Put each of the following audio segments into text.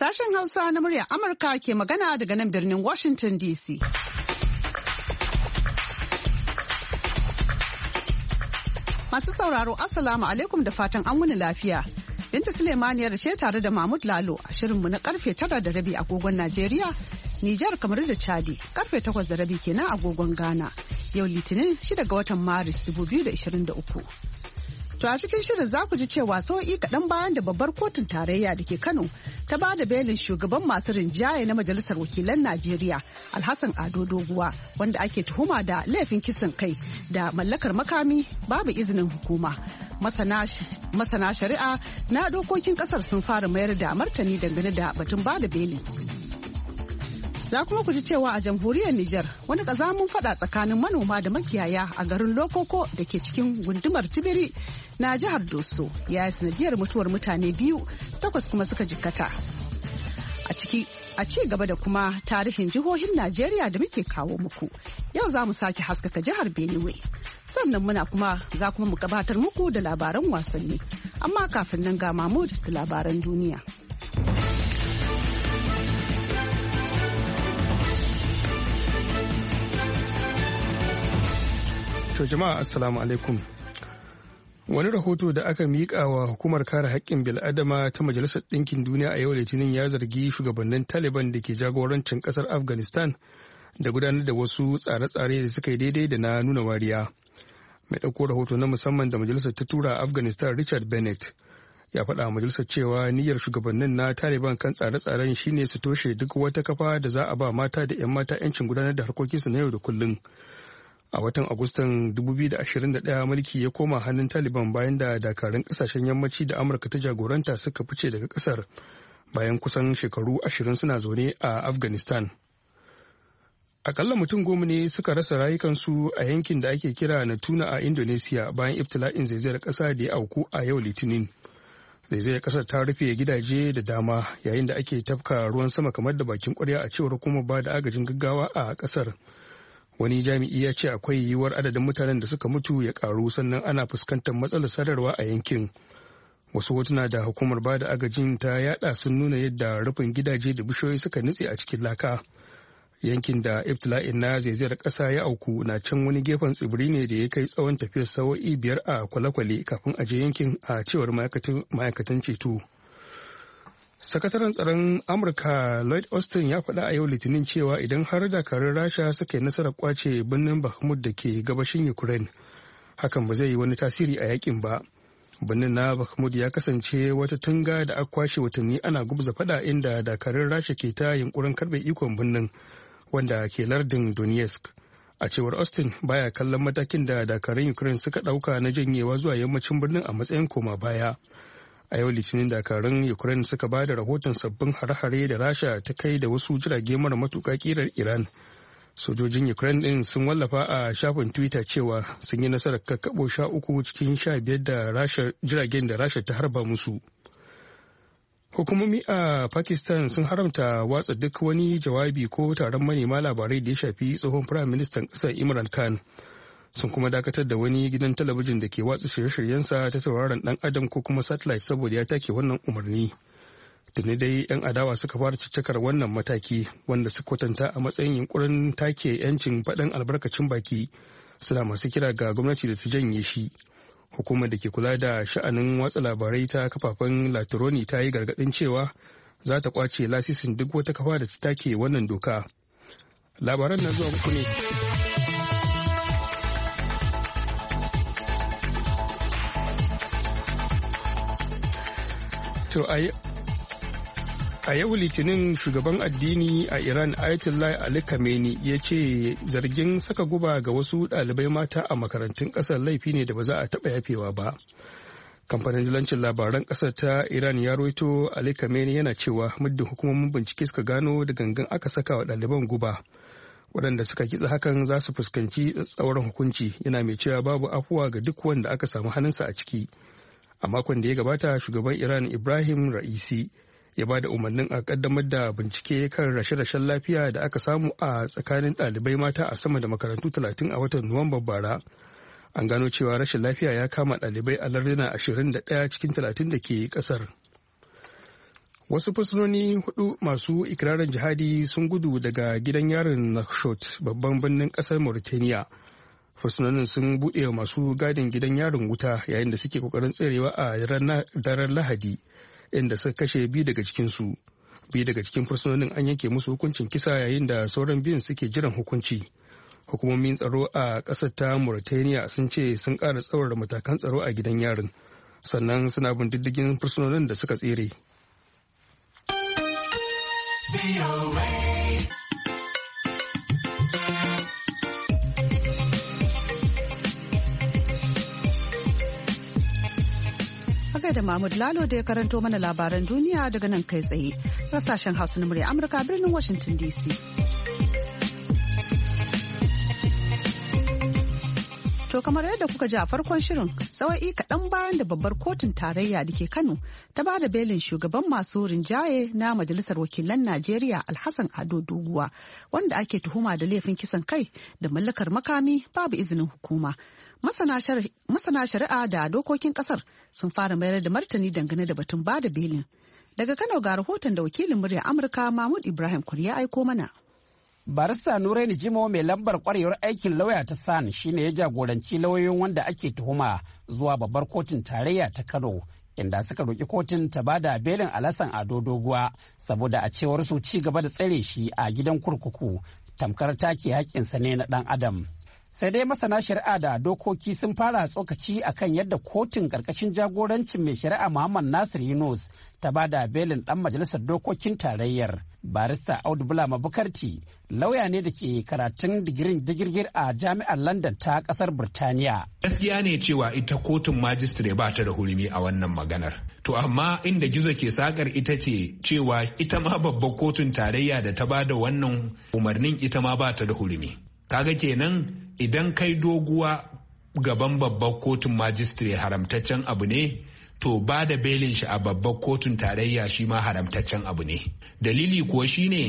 Sashen Hausa na murya Amurka ke magana daga nan birnin Washington DC. Masu sauraro Assalamu alaikum da fatan an wuni lafiya. Binta da ce tare da Mahmud Lalo a shirinmu na karfe tara da rabi agogon Najeriya, Nijar kamar da Chadi karfe takwas da rabi kenan agogon Ghana. Yau Litinin shida ga watan Maris 2023. To a cikin shirin za ku ji cewa sau'i kaɗan bayan da babbar kotun tarayya da ke Kano ta ba da belin shugaban masu rinjaye na majalisar wakilan Najeriya Alhassan Ado Doguwa wanda ake tuhuma da laifin kisan kai da mallakar makami babu izinin hukuma. Masana shari'a na dokokin kasar sun fara mayar da martani dangane da batun ba da belin. za kuma ku ji cewa a jamhuriyar Nijar wani ƙazamin fada tsakanin manoma da makiyaya a garin Lokoko da ke cikin gundumar Tibiri na jihar Doso ya yi sanadiyar mutuwar mutane biyu takwas kuma suka jikkata. A ciki a ci gaba da kuma tarihin jihohin Najeriya da muke kawo muku. Yau za mu sake haskaka jihar Benue. Sannan muna kuma za kuma mu gabatar muku da labaran wasanni. Amma kafin nan ga Mahmud da labaran duniya. To jama'a assalamu alaikum. wani rahoto da aka miƙa wa hukumar kare haƙƙin bil'adama ta majalisar ɗinkin duniya a yau litinin ya zargi shugabannin taliban da ke jagorancin ƙasar afghanistan da gudanar da wasu tsare-tsare da suka yi daidai da na nuna wariya mai ɗauko rahoto na musamman da majalisar ta tura afghanistan richard bennett ya faɗa majalisar cewa niyyar shugabannin na taliban kan tsare-tsaren shine su toshe duk wata kafa da za a ba mata da 'yan mata 'yancin gudanar da harkokinsu na yau da kullum a watan agustan 2021 mulki ya koma hannun taliban bayan da dakarun kasashen yammaci da amurka ta jagoranta suka fice daga kasar bayan kusan shekaru ashirin suna zaune a afghanistan akalla mutum goma ne suka rasa rayukansu a yankin da ake kira na tuna a indonesia bayan iftila'in zaizayar kasa da ya auku a yau litinin zaizayar kasar ta rufe gidaje da dama yayin da ake tafka ruwan sama kamar da bakin kwarya a cewar kuma ba da agajin gaggawa a kasar. wani jami'i ya ce akwai yiwuwar adadin mutanen da suka mutu ya karu sannan ana fuskantar matsalar sadarwa a yankin wasu hotuna da hukumar bada agajin ta yada sun nuna yadda rufin gidaje da bishiyoyi suka nutse a cikin laka yankin da iftila'in na zaizayar ƙasa ya auku na can wani gefen tsibiri ne da ya kai tsawon tafiyar sawo'i biyar a kwale-kwale kafin aje yankin a cewar ma'aikatan ceto. sakataren tsaron amurka lloyd austin ya faɗa a yau litinin cewa idan har dakarun rasha suka yi nasarar kwace birnin bakhmut da ke gabashin ukraine hakan ba zai yi wani tasiri a yakin ba birnin na bakhmut ya kasance wata tunga da aka kwashe watanni ana gubza faɗa inda dakarun rasha ke ta yunkurin karɓe ikon birnin wanda ke lardin donetsk a cewar austin baya kallon matakin da dakarun ukraine suka ɗauka na janyewa zuwa yammacin birnin a matsayin koma baya a yau litinin dakarun ukraine suka ba da rahoton sabbin hare-hare da rasha ta kai da wasu jirage mara matuka kirar iran sojojin ukraine din sun wallafa a shafin twitter cewa sun yi nasarar kakkaɓo sha uku cikin sha biyar da jiragen da rasha ta harba musu hukumomi a pakistan sun haramta watsa duk wani jawabi ko taron manema labarai da ya shafi tsohon firaministan ƙasar imran khan sun kuma dakatar da wani gidan talabijin da ke watsa shirye-shiryensa ta tauraron dan adam ko kuma satellite saboda ya take wannan umarni tuni dai yan adawa suka fara ciccakar wannan mataki wanda su kwatanta a matsayin yunkurin take yancin faɗin albarkacin baki suna masu kira ga gwamnati da ta janye shi hukumar da ke kula da sha'anin watsa labarai ta kafafen latironi ta yi gargaɗin cewa za ta kwace lasisin duk wata kafa da ta take wannan doka labaran na zuwa muku ne To a yau litinin shugaban addini a Iran Ayatollah Ali Khamenei ya ce zargin saka guba ga wasu ɗalibai mata a makarantun ƙasar laifi ne da ba za a taɓa yafewa ba. kamfanin zilancin labaran ƙasar ta iran ya roito ali kameni yana cewa muddin hukumomin bincike suka gano da gangan aka saka wa ɗaliban guba waɗanda suka kitsa hakan za su fuskanci tsauran hukunci yana mai cewa babu afuwa ga duk wanda aka samu hannunsa a ciki a makon da ya gabata shugaban iran ibrahim ra'isi ya ba da umarnin a kaddamar da bincike kan rashe-rashen lafiya da aka samu a tsakanin ɗalibai mata a sama da makarantu 30 a watan nuwamba bara an gano cewa rashin lafiya ya kama ɗalibai a larduna 21 cikin 30 da ke kasar. wasu fursunoni hudu masu ikirarin jihadi sun gudu daga gidan yarin nakshot babban birnin ƙasar mauritania fursunonin sun buɗe wa masu gadin gidan yarin wuta yayin da suke kokarin tserewa a daren lahadi inda suka kashe biyu daga cikinsu biyu daga cikin fursunonin an yanke musu hukuncin kisa yayin da sauran biyun suke jiran hukunci hukumomin tsaro a ƙasar ta mauritania sun ce sun ƙara tsawar matakan tsaro a gidan yarin sannan suna bin diddigin fursunonin da suka tsere. da Mahmud Lalo da ya karanto mana labaran duniya daga nan kai tsaye. Sashen Hausa na murya Amurka birnin Washington DC. To kamar yadda kuka ji a farkon shirin sawa'i kaɗan bayan da babbar kotun tarayya da ke Kano ta ba da belin shugaban masu rinjaye na majalisar wakilan Najeriya Alhassan Ado Doguwa wanda ake tuhuma da laifin kisan kai da mallakar makami babu izinin hukuma. Masana shari'a da dokokin kasar sun fara mayar da martani dangane da batun bada belin. Daga Kano ga rahoton da wakilin murya Amurka Mahmud Ibrahim kur ya aiko mana. Barista Nuraini Jimo mai lambar kwarewar aikin lauya ta San shine ya jagoranci lauyoyin wanda ake tuhuma zuwa babbar kotun tarayya ta Kano inda suka roki kotun ta ba da belin alasan ado doguwa saboda a cewar su ci gaba da tsare shi a gidan kurkuku tamkar take haƙƙinsa ne na ɗan adam. sai dai masana shari'a da dokoki sun fara tsokaci akan yadda kotun karkashin jagorancin mai shari'a muhammad nasir yunus ta ba da belin dan majalisar dokokin tarayyar barista audu bula mabukarti lauya ne da ke karatun digirin digirgir a jami'ar london ta kasar birtaniya gaskiya ne cewa ita kotun majistare ba ta da hurumi a wannan maganar to amma inda gizo ke sakar ita ce cewa ita ma babbar kotun tarayya da ta ba da wannan umarnin ita ma ba ta da hurumi kaga kenan idan kai doguwa gaban babbar kotun majistire haramtaccen abu ne to ba da belin shi a babbar kotun tarayya shi ma haramtaccen abu ne dalili kuwa ne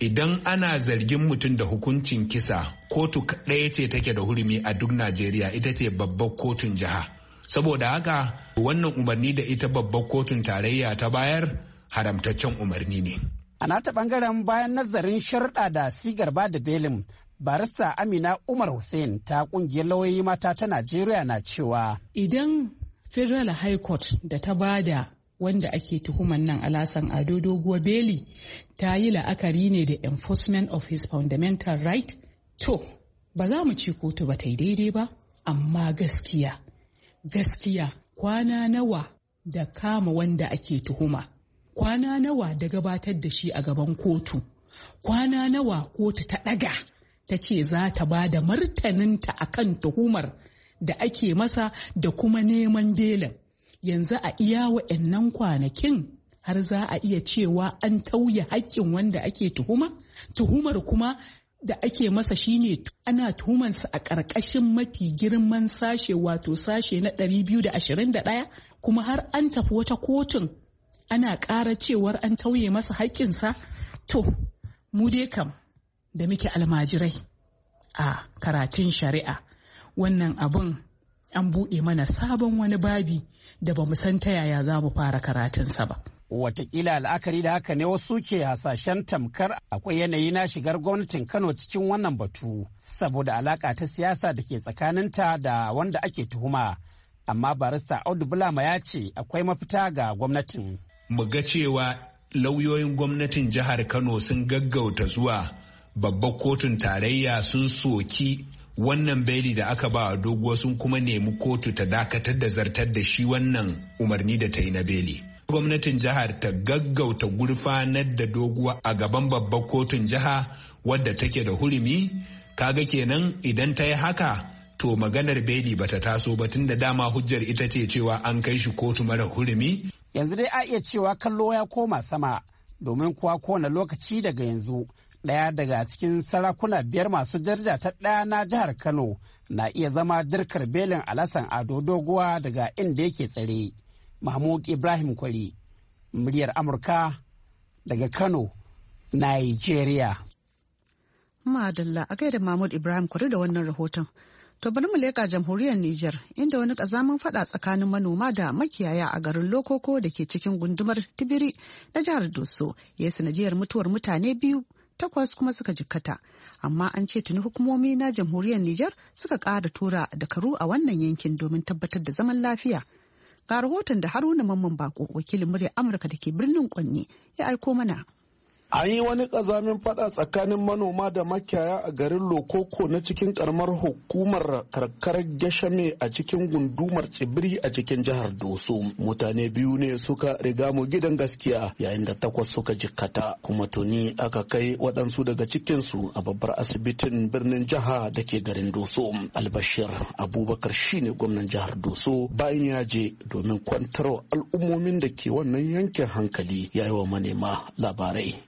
idan ana zargin mutum da hukuncin kisa kotu ɗaya ce take da hurumi a duk najeriya ita ce babbar kotun jiha saboda haka wannan umarni da ita babbar kotun tarayya ta bayar haramtaccen umarni ne a nata bangaren bayan nazarin sharɗa da sigar ba da belin barista amina umar hussein ta kungiyar lauyoyi mata ta najeriya na cewa idan federal high court da ta bada wanda ake tuhuman nan alasan ado doguwa beli ta yi la'akari ne da enforcement of his fundamental right to ba za mu ci kotu ba ta yi daidai ba amma gaskiya gaskiya kwana nawa da kama wanda ake tuhuma kwana nawa da gabatar da shi a gaban kotu kwana nawa kotu ta ɗaga ta ce za ta ba da martaninta a kan tuhumar da ake masa da kuma neman belin yanzu a iya wa'annan kwanakin har za a iya cewa an tauye haƙƙin wanda ake tuhuma tuhumar kuma da ake masa shine ana tuhumansa a ƙarƙashin mafi girman sashe wato sashe na 221 kuma har an tafi wata kotun ana ƙara cewar an tauye masa haƙƙinsa to mu dai kam da muke almajirai a karatun shari'a wannan abun an buɗe mana sabon wani babi da ba mu san ta yaya za mu fara karatunsa ba. wataƙila la'akari da haka ne wasu ke hasashen tamkar akwai yanayi na shigar gwamnatin Kano cikin wannan batu saboda alaƙa ta siyasa da ke tsakaninta da wanda ake tuhuma. Amma barista Audu Bulama ya ce akwai mafita ga gwamnatin. Mu ga cewa lauyoyin gwamnatin jihar Kano sun gaggauta zuwa babbar kotun tarayya sun soki wannan beli da aka ba doguwa sun kuma nemi kotu ta dakatar da zartar da shi wannan umarni da ta yi na beli. Gwamnatin jihar ta gaggauta gurfanar da doguwa a gaban babbar kotun jiha wadda take da hurumi, kaga kenan idan ta yi haka to maganar beli bata taso ba tun da dama hujjar ita ce cewa an kai shi kotu mara hurumi. Yanzu dai a iya cewa kallo ya koma sama domin kuwa kowane lokaci daga yanzu ɗaya daga cikin sarakuna biyar masu daraja ta ɗaya na jihar kano na iya zama dirkar belin alasan ado doguwa daga inda yake tsare mahmud ibrahim kwari muryar amurka daga kano nigeria madalla a gaida mahmud ibrahim kwari da wannan rahoton To bari mu leƙa jamhuriyar Nijar inda wani ƙazamin faɗa tsakanin manoma da makiyaya a garin Lokoko da ke cikin gundumar Tibiri na jihar Doso ya sanadiyar mutuwar mutane biyu takwas kuma suka jikkata amma an ce tuni hukumomi na jamhuriyar nijar suka ƙara tura dakaru a wannan yankin domin tabbatar da zaman lafiya ga rahoton da haruna mamman bako wakilin murya amurka da ke birnin kwanne ya aiko mana An yi wani ƙazamin fada tsakanin manoma da makiyaya a garin Lokoko na cikin karamar hukumar karkarar Gashame a cikin gundumar Tsibiri a cikin jihar Doso. Mutane biyu ne suka riga mu gidan gaskiya yayin da takwas suka jikkata kuma tuni aka kai waɗansu daga cikinsu a babbar asibitin birnin jiha da ke garin Doso. Albashir Abubakar shine gwamnan jihar Doso bayan ya je domin kwantarwa al'ummomin da ke wannan yankin hankali ya yi wa manema labarai.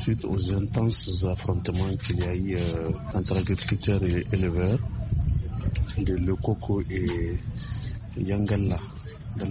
Suite aux intenses affrontements qu'il y a eu euh, entre agriculteurs et éleveurs, de le coco et Yangala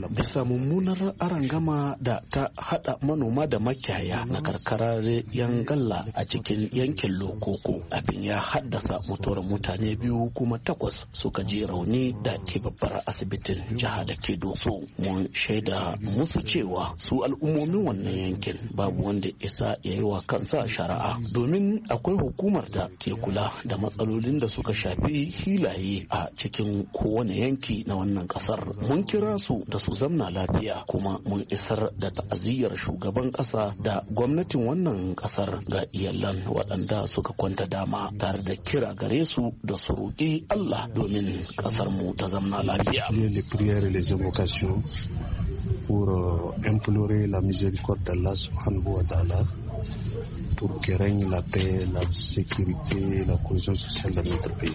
bisa mummunar arangama da ta hada manoma da makiyaya na karkarar yangalla a cikin yankin lokoko abin ya haddasa mutuwar mutane biyu kuma takwas suka je rauni da ke babbar asibitin jiha da ke doso mun shaida musu cewa su al'ummomin wannan yankin babu wanda isa ya yi wa kansa shari'a domin akwai hukumar da ke kula da matsalolin da suka shafi hilaye a cikin kowane yanki na wannan kasar mun kira su ta su zamna lafiya kuma mun isar da ta'aziyyar shugaban ƙasa da gwamnatin wannan ƙasar ga iyalan waɗanda suka kwanta dama tare da kira gare su da su roƙi Allah domin ƙasar mu ta zamna lafiya. pour euh, implorer la miséricorde d'Allah subhanahu wa ta'ala pour que règne la paix, la sécurité la cohésion sociale de notre pays.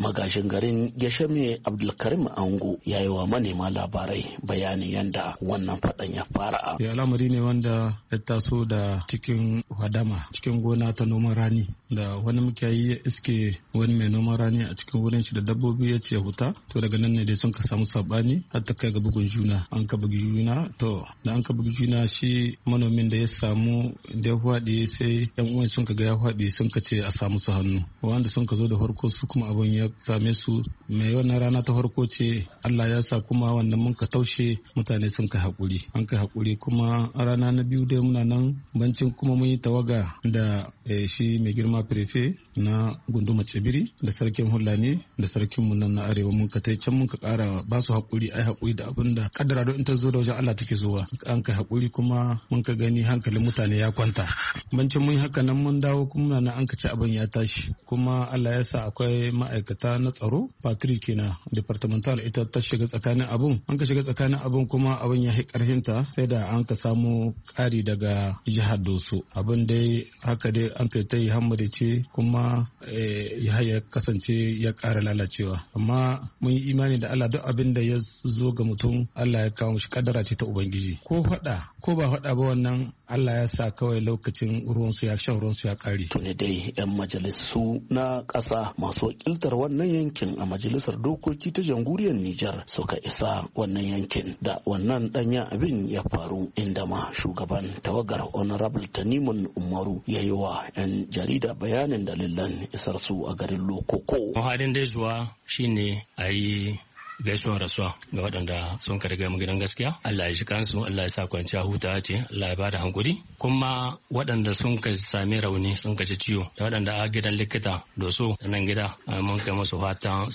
magashin garin geshame abdulkarim ango ya yi wa manema labarai bayanin yadda wannan fadan ya fara ya lamari ne wanda ya taso da cikin hadama cikin gona ta noman rani da wani yi ya iske wani mai noman rani a cikin wurin shi da dabbobi ya ce huta to daga nan ne dai sun ka samu sabani har ta kai ga bugun juna an ka bugi juna to da an ka bugi juna shi manomin da ya samu da ya faɗi sai yan uwan sun ka ga ya faɗi sun ka ce a samu su hannu wanda sun ka zo da farko su kuma abin ya same su mai wannan rana ta farko ce Allah ya sa kuma wannan mun ka taushe mutane sun ka haƙuri an ka hakuri kuma rana na biyu dai muna nan bancin kuma mun yi tawaga da Eh, shi mai girma prefe na gunduma cebiri da sarkin hulani da sarkin mu na arewa mun ka tai can mun ka kara ba su hakuri ai hakuri da abin da kaddara don in ta zo da wajen Allah take zuwa an kai hakuri kuma mun ka gani hankalin mutane ya kwanta ci mun haka nan mun dawo kuma na an ka ci abin ya tashi kuma Allah ya sa akwai ma'aikata na tsaro Patrick kina departmental ita ta shiga tsakanin abun an ka shiga tsakanin abun kuma abin ya karfin ta sai da an ka samu kari daga jihar Doso abin dai haka dai an kai tai hamma ce kuma Eh, ya ya kasance ya kara lalacewa amma mun yi imani da Allah duk abin da ya zo ga mutum Allah ya kawo shi kadara ce ta ubangiji ko faɗa ko ba faɗa ba wannan Allah ya sa kawai lokacin su ya shan su ya ƙare. To ne dai 'yan majalisu na ƙasa masu wakiltar wannan yankin a majalisar dokoki ta jamhuriyar Nijar suka isa wannan yankin da wannan danya abin ya faru inda ma shugaban tawagar Honorable Tanimun Umaru ya yi wa 'yan jarida bayanin dalilin dalilan isar su a garin lokoko mahadin dai zuwa shine a yi gaisuwar rasuwa ga waɗanda sun ka mu gidan gaskiya Allah ya shi kansu Allah ya sa kwanciya huta ce Allah ya bada hankuri kuma waɗanda sun ka sami rauni sun ka ci ciwo da waɗanda a gidan likita doso da nan gida mun kai musu fata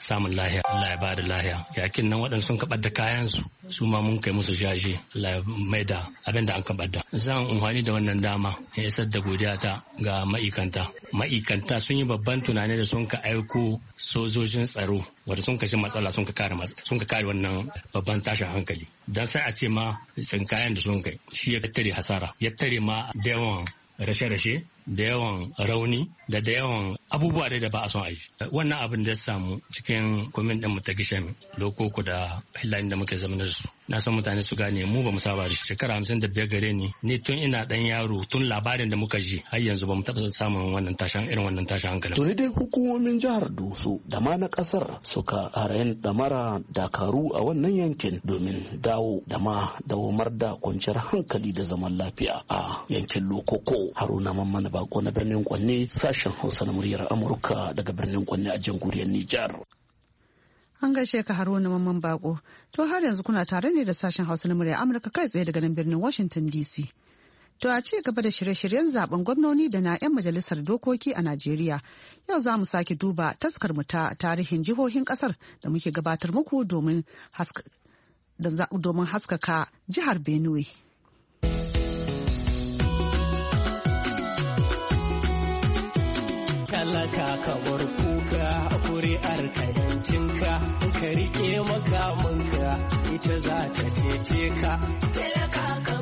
samun lahiya Allah ya ba lahiya yakin nan waɗanda sun ka ɓadda kayan su su ma mun kai musu jaje Allah ya mai da abin da an ka ɓadda. zan umfani da wannan dama ya isar da godiya ta ga ma'ikanta ma'ikanta sun yi babban tunani da sun ka aiko sojojin tsaro wanda sun kashe matsala sun ka kare sun ka kare wannan babban tashin hankali dan sai a ce ma sun kayan da sun kai shi ya tare hasara ya tare ma da yawan rashe-rashe da yawan rauni da da yawan abubuwa da ba a son a yi wannan abin da ya samu cikin kwamin din mu ta gishen lokoko da hillani da muke zama su na san mutane su gane mu ba mu saba da shekara hamsin da biyar gare ni ni tun ina dan yaro tun labarin da muka ji har yanzu ba mu taɓa samun wannan tashan irin wannan tashin hankali. tuni dai hukumomin jihar doso da ma na ƙasar suka harayen damara dakaru a wannan yankin domin dawo da ma dawamar da kwanciyar hankali da zaman lafiya a yankin lokoko haruna mamman bako na birnin kwanne sashen hausa na muryar muryar Amurka daga birnin Kwanne a jamhuriyar Nijar. An gaishe ka Haruna Mamman Bako. To har yanzu kuna tare ne da sashen Hausa na murya Amurka kai tsaye daga nan birnin Washington DC. To a ci gaba da shirye-shiryen zaben gwamnoni da na 'yan majalisar dokoki a Najeriya. Yau za mu sake duba taskar mu ta tarihin jihohin kasar da muke gabatar muku domin haskaka jihar Benue. talaka ka bar kuka a ka yancinka ka rike makamanka ita za ta cece ka talaka ka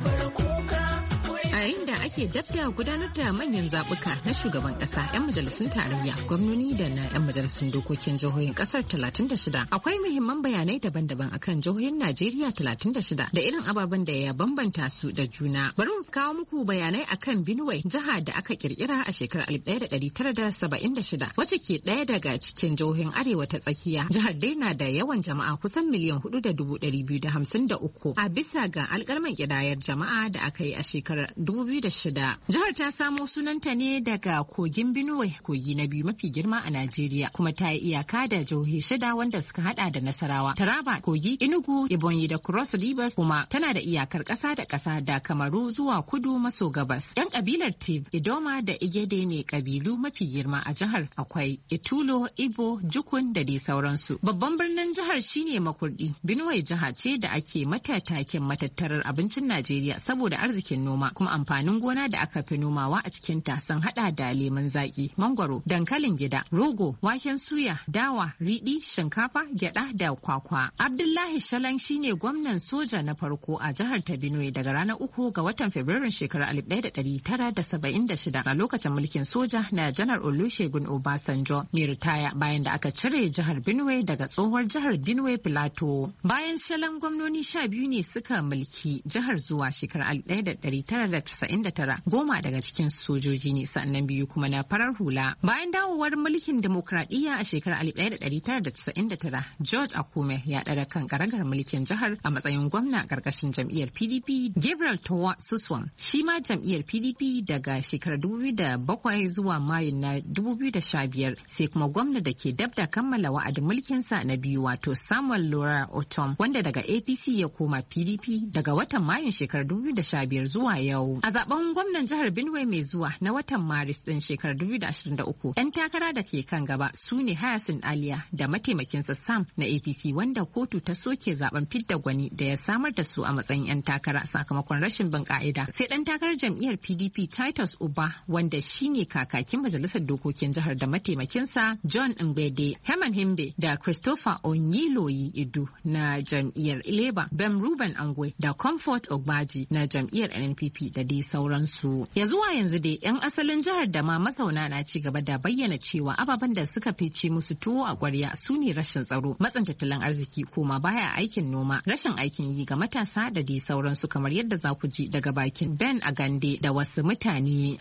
a yayin da ake dabda gudanar da manyan zabuka na shugaban kasa yan majalisun tarayya gwamnoni da na yan majalisun dokokin jihohin kasar 36 akwai muhimman bayanai daban-daban akan jihohin najeriya 36 da irin ababen da ya bambanta su da juna bari mu kawo muku bayanai akan binuwa jiha da aka kirkira a shekarar 1976 wacce ke ɗaya daga cikin jihohin arewa ta tsakiya jihar dai na da yawan jama'a kusan miliyan 4,253 a bisa ga alkalman kidayar jama'a da aka yi a shekarar 2006. Jihar ta samo sunanta ne daga kogin Binuwe, kogi na biyu mafi girma a Najeriya, kuma ta yi iyaka da jihohi shida wanda suka hada da Nasarawa, Taraba, Kogi, Enugu, Ebonyi da Cross Rivers kuma tana da iyakar ƙasa da ƙasa da Kamaru zuwa kudu maso gabas. Yan kabilar Tiv, Idoma da Igede ne kabilu mafi girma a jihar. Akwai Itulo, Ibo, Jukun da dai sauransu. Babban birnin jihar shine Makurdi. Binuwe jiha ce da ake mata taken matattarar abincin Najeriya saboda arzikin noma kuma amfanin gona da aka fi nomawa a cikin ta sun hada da lemun zaki, mangwaro, dankalin gida, rogo, waken suya, dawa, riɗi, shinkafa, gyada da kwakwa. Abdullahi Shalan shine gwamnan soja na farko a jihar ta Benue daga ranar uku ga watan Fabrairun shekarar shida. a lokacin mulkin soja na janar Olusegun Obasanjo mai ritaya bayan da aka cire jihar Benue daga tsohuwar jihar Benue Plateau. Bayan Shalan gwamnoni sha biyu ne suka mulki jihar zuwa shekarar 1980 99 goma daga cikin sojoji ne sannan biyu kuma na farar hula bayan dawowar mulkin demokradiyya a shekarar 1999 george akume ya ɗara kan karagar mulkin jihar a matsayin gwamna karkashin jam'iyyar pdp gabriel towa suswan shi ma jam'iyyar pdp daga shekarar 2007 zuwa mayu na 2015 sai kuma gwamna da ke dab da kammala wa'adin mulkinsa na biyu wato samuel lora otom wanda daga apc ya koma pdp daga watan mayun shekarar 2015 zuwa yau A zaben gwamnan jihar Benue mai zuwa na watan Maris ɗin shekarar 2023 'yan takara da ke kan gaba su ne Hayasin Aliya da mataimakinsa Sam na APC wanda kotu ta soke zaben fidda gwani da ya samar da su a matsayin 'yan takara sakamakon rashin bin ka'ida. Sai ɗan takarar jam'iyyar PDP Titus Uba wanda shine kakakin majalisar dokokin jihar da mataimakinsa John Ngbede, Herman Himbe da Christopher Onyiloyi Idu na jam'iyyar Labour, Ben Ruben Angwe da Comfort Ogbaji na jam'iyyar NPP da dai sauransu. Ya zuwa yanzu dai 'yan asalin jihar da ma mazauna na ci gaba da bayyana cewa ababen da suka fice musu tuwo a kwarya su ne rashin tsaro, matsin tattalin arziki koma baya aikin noma, rashin aikin yi ga matasa da dai sauransu kamar yadda za ku ji daga bakin Ben Agande da wasu mutane.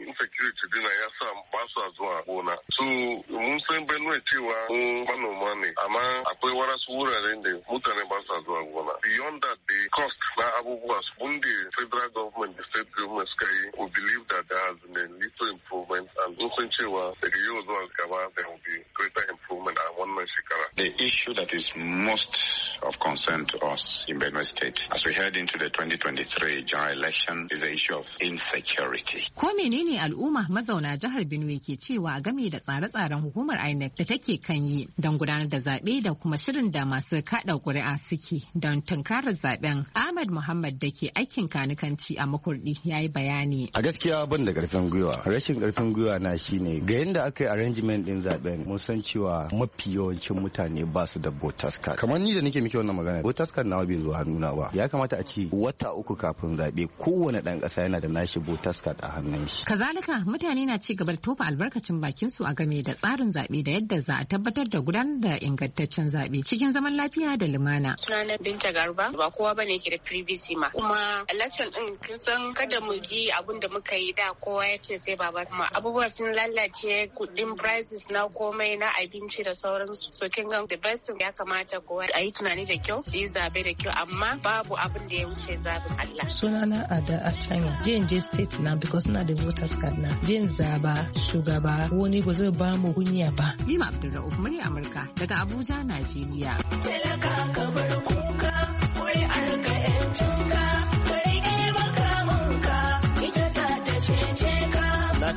insecurity dina ya sa ba sa zuwa gona. So mun san Benue cewa mun manoma ne amma akwai warasu wuraren da mutane ba sa zuwa gona. Beyond that the cost na abubuwa sun federal government the state government is we believe that there has been a little improvement sun cewa daga yau zuwa gaba there will be greater improvement a wannan shekara. The issue that is most of concern to us in Benue State as we head into the 2023 general election is the issue of insecurity. Ko menene al'umma mazauna jihar Benue ke cewa game da tsare-tsaren hukumar INEC da take kan yi don gudanar da zaɓe da kuma shirin da masu kaɗa ƙuri'a suke don tunkarar zaɓen. Ahmad Muhammad da ke aikin kanikanci a makurdi ya yi bayani. A gaskiya ban da ƙarfin gwiwa. Rashin ƙarfin gwiwa na shine ga yadda aka yi arrangement din zaben mun san cewa mafi yawancin mutane ba su da voters card kamar ni da nake miki wannan magana voters card nawa bai zo hannuna ba ya kamata a ci wata uku kafin zabe kowane dan kasa yana da nashi voters card a hannun shi kazalika mutane na ci gaba da tofa albarkacin bakin su a game da tsarin zabe da yadda za a tabbatar da gudanar da ingantaccen zabe cikin zaman lafiya da lumana sunana binta garba ba kowa bane ke da privacy ma kuma election din kin san kada mu ji abin da muka yi da kowa ya ce sai baba kuma abubuwa sun lallace lallace, kudin prices na komai na abinci da sauransu so kin ga the best ya kamata kowa a yi tunani da kyau suyi yi zabe da kyau amma babu abin da ya wuce zabin Allah Suna na ada a China je state na because na da voters card na jin zaba shugaba wani ba zai ba mu kunya ba Lima Abdulrauf murya Amurka daga Abuja Najeriya talaka ka bar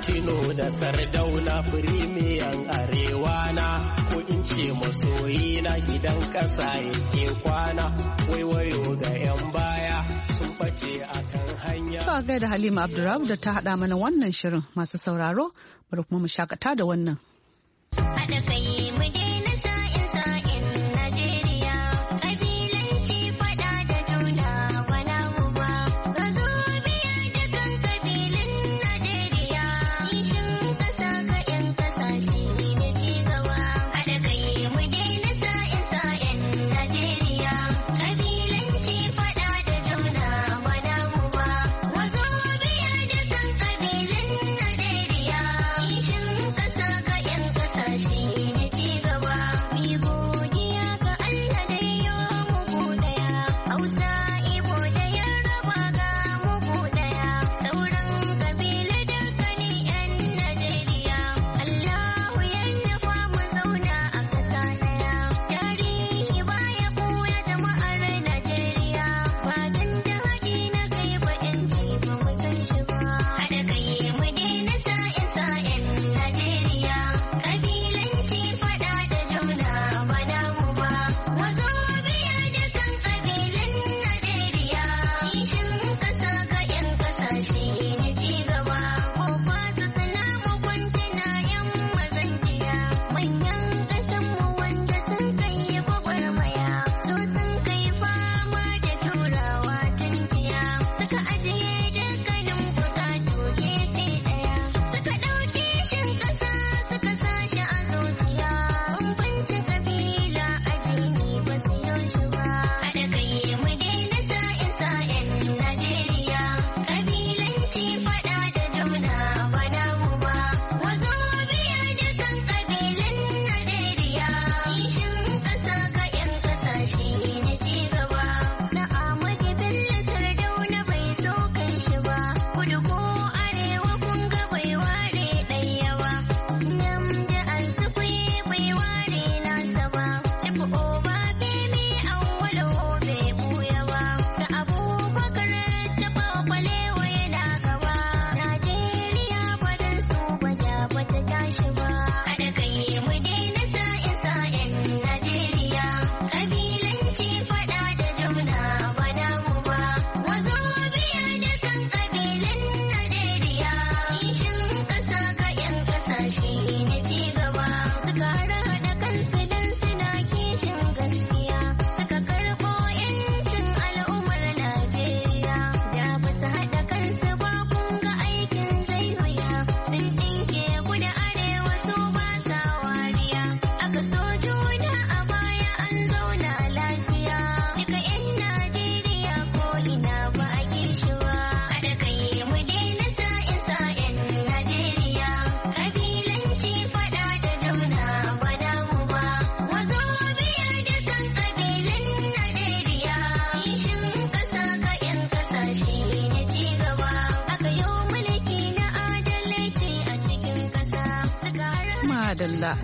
tino da sardauna firimiyan arewa na ko in ce masoyi na gidan ƙasa yake kwana waiwayo ga 'yan baya sun face a kan hanya. ga da Halima Abdurrabu da ta haɗa mana wannan shirin masu sauraro bari kuma mu shakata da wannan. Haɗa kai mu dai.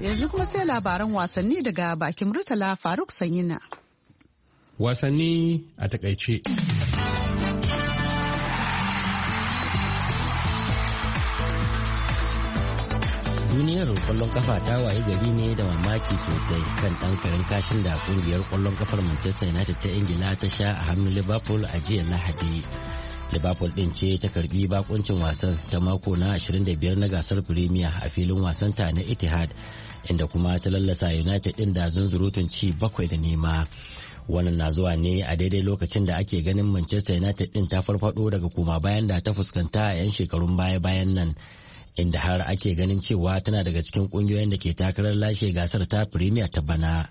yanzu kuma sai labaran wasanni daga bakin Murtala Faruk Sanyina. Wasanni a takaice. duniyar kwallon kafa ta waye gari ne da mamaki sosai kan dan karin kashin da kungiyar kwallon kafar manchester united ta ingila ta sha a hannun liverpool a jiya lahadi liverpool din ce ta karbi bakuncin wasan ta mako na 25 na gasar premier a filin wasan ta na etihad inda kuma ta lallasa united din da zunzurutun ci bakwai da nema wannan na zuwa ne a daidai lokacin da ake ganin manchester united din ta farfado daga koma bayan da ta fuskanta a 'yan shekarun baya-bayan nan inda har ake ganin cewa tana daga cikin kungiyoyin da ke takarar lashe gasar ta premier ta bana.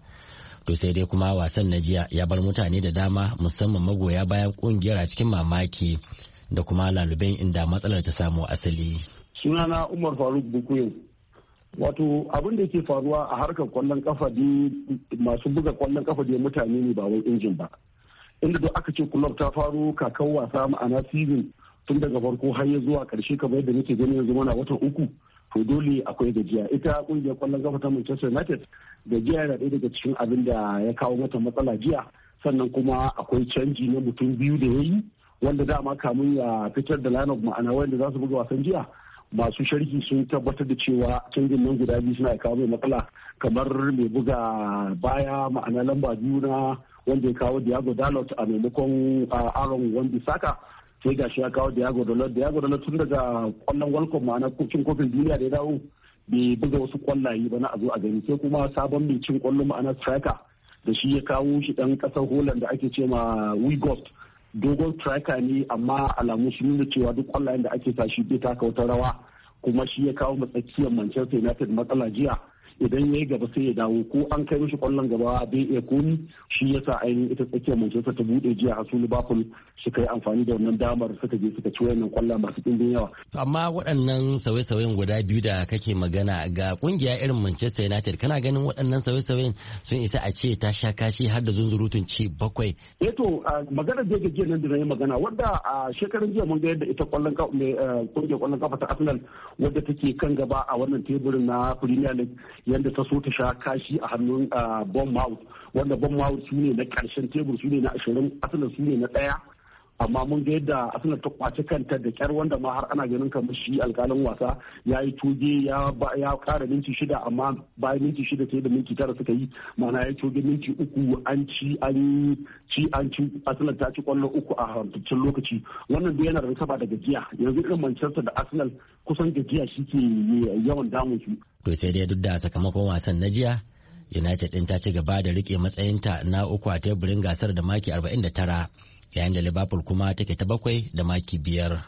to sai dai kuma wasan na jiya ya bar mutane da dama musamman magoya bayan kungiyar a cikin mamaki da kuma lalubai inda matsalar ta samu asali sunana umar faruk bukuyin wato abin da ke faruwa a harkar kwallon kafa masu buga kwallon kafa da mutane ne ba wai injin ba inda duk aka ce kulob ta faru kakan wasa ma'ana season tun daga farko har ya zuwa karshe kamar yadda muke gani yanzu mana watan uku to dole akwai gajiya ita kungiyar kwallon kafa ta Manchester United gajiya yana ɗaya daga cikin abin da ya kawo mata matsala jiya sannan kuma akwai canji na mutum biyu da ya yi wanda dama kamun ya fitar da line ma'ana wanda za su buga wasan jiya masu sharhi sun tabbatar da cewa canjin nan guda biyu suna kawo mai matsala kamar mai buga baya ma'ana lamba biyu na wanda ya kawo Diago Dalot a maimakon Aaron Wan-Bissaka sai ga shi ya kawo Diago Dalot Diago Dalot tun daga kwallon welcome ma na cin kofin duniya da ya dawo bai buga wasu kwallaye ba na a zo a gani sai kuma sabon mai cin kwallo ma'ana striker da shi ya kawo shi dan kasar Holland da ake ce ma Wigost dogon striker ne amma alamu sun nuna cewa duk kwallayen da ake sa shi bai taka wata rawa kuma shi ya kawo matsakiyar Manchester United matsala jiya idan ya yi gaba sai ya dawo ko an kai mishi kwallon gaba a bai iya komi shi sa ainihin ita tsakiyar manchester ta bude jiya hasu liverpool su yi amfani da wannan damar suka je suka ci wannan kwallon masu ɗimbin yawa. amma waɗannan sauye-sauyen guda biyu da kake magana ga ƙungiya irin manchester united kana ganin waɗannan sauye-sauyen sun isa a ce ta sha kashi har da zunzurutun ci bakwai. eh to magana da jiya nan da na yi magana wadda a shekarun jiya mun ga yadda ita kwallon eh, ƙungiyar kwallon kafa ta arsenal wadda take kan gaba a wannan teburin na premier league yadda ta so ta sha kashi a hannun ah, Bournemouth wanda Bournemouth su ne na karshen tebur su ne na ashirin asalin su ne na ɗaya amma mun ga yadda Arsenal ta kwace kanta da kyar wanda ma har ana ganin kamar shi alkalin wasa ya yi tuge ya kara minti shida amma bayan minti shida sai da minti tara suka yi mana ya tuge minti uku an ci an ci an ci ta ci kwallo uku a haramtaccen lokaci wannan da yana da ba da gajiya yanzu irin Manchester da Arsenal kusan gajiya shi ke yawan damun su to sai dai duk da sakamakon wasan na jiya United din ta ci gaba da rike matsayinta na uku a teburin gasar da maki arba'in da tara. yayin da liverpool kuma take ta bakwai da maki biyar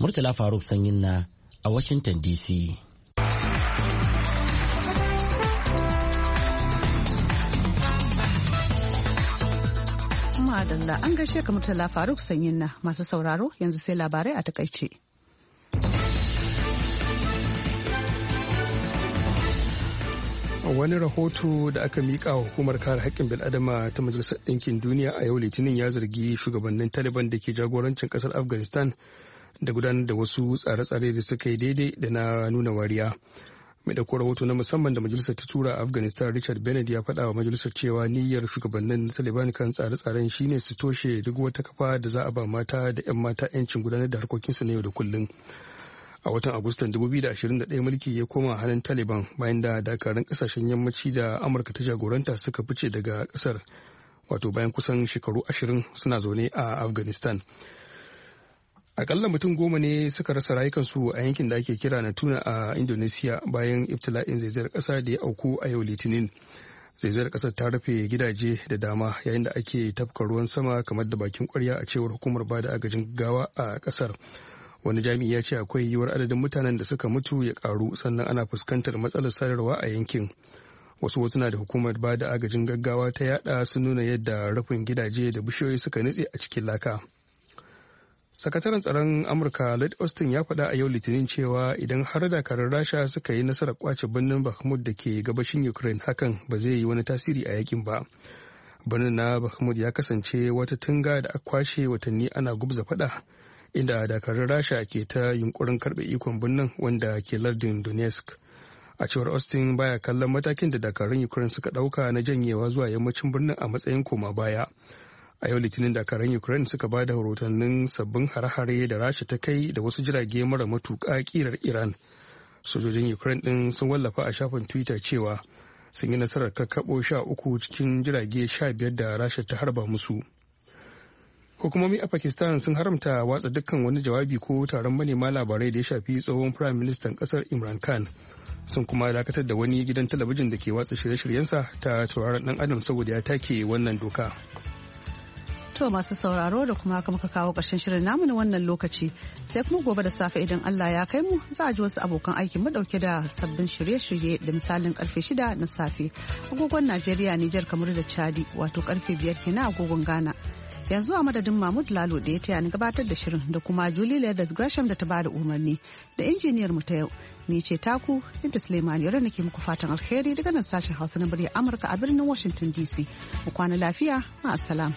murtala faruk sanyin na a washington dc madalla an gaishe ka murtala faruk sanyin na masu sauraro yanzu sai labarai a takaice. wani rahoto da aka miƙa wa hukumar kare haƙƙin bil'adama ta majalisar ɗinkin duniya a yau litinin ya zargi shugabannin taliban da ke jagorancin ƙasar afghanistan da gudanar da wasu tsare-tsare da suka yi daidai da na nuna wariya mai ɗauko rahoto na musamman da majalisar ta tura afghanistan richard bennett ya faɗa wa majalisar cewa niyyar shugabannin taliban kan tsare-tsaren shine su toshe duk wata kafa da za a ba mata da 'yan mata 'yancin gudanar da harkokinsu na yau da kullum. a watan agustan 2021 mulki ya koma halin taliban bayan da dakarun kasashen yammaci da amurka ta jagoranta suka fice daga kasar wato bayan kusan shekaru ashirin suna zaune a afghanistan akalla mutum goma ne suka rasa rayukansu a yankin da ake kira na tuna a indonesia bayan ibtila'in zaizayar kasa da ya auku a yau litinin zaizayar kasar ta rufe gidaje da dama yayin da ake tafka ruwan sama kamar da bakin kwarya a cewar hukumar bada agajin gawa a kasar wani jami'i ya ce akwai yiwuwar adadin mutanen da suka mutu ya karu sannan ana fuskantar matsalar sadarwa a yankin wasu hotuna da hukumar ba da agajin gaggawa ta yada su nuna yadda rufin gidaje da bishiyoyi suka nitse a cikin laka sakataren tsaron amurka led austin ya faɗa a yau litinin cewa idan har dakarar rasha suka yi nasarar kwace birnin bakhmut da ke gabashin ukraine hakan ba zai yi wani tasiri a yakin ba birnin na bakhmut ya kasance wata tunga da aka kwashe watanni ana gubza faɗa inda dakarun rasha ke ta yunkurin karbe ikon birnin wanda ke lardin donetsk a cewar austin baya kallon matakin da dakarun ukraine suka dauka na janyewa zuwa yammacin birnin a matsayin koma baya a yau litinin dakarun ukraine suka ba da rahotannin sabbin hare-hare da rasha ta kai da wasu jirage mara matuƙa kirar iran sojojin ukraine din sun wallafa a shafin twitter cewa sun yi nasarar kakkaɓo sha uku cikin jirage sha biyar da rasha ta harba musu hukumomi a pakistan sun haramta watsa dukkan wani jawabi ko taron manema labarai da ya shafi tsohon firayim ministan kasar imran khan sun kuma dakatar da wani gidan talabijin da ke watsa shirye-shiryensa ta tauraron dan adam saboda ya take wannan doka To masu sauraro da kuma haka muka kawo ƙarshen shirin namu na wannan lokaci sai kuma gobe da safe idan Allah ya kai mu za a ji wasu abokan aikin mu dauke da sabbin shirye-shirye da misalin karfe shida na safe agogon Najeriya Nijar kamar da Chadi wato karfe biyar kenan agogon Ghana. yanzu a madadin mahmud lalo da ya taya ni gabatar da shirin da kuma julie leathers gresham da ta ba da umarni da injiniyar mu ta yau ni ce taku inda suleiman yau ke muku fatan alheri daga nan sashen hausa na birnin amurka a birnin washington dc mu kwana lafiya ma'asalam.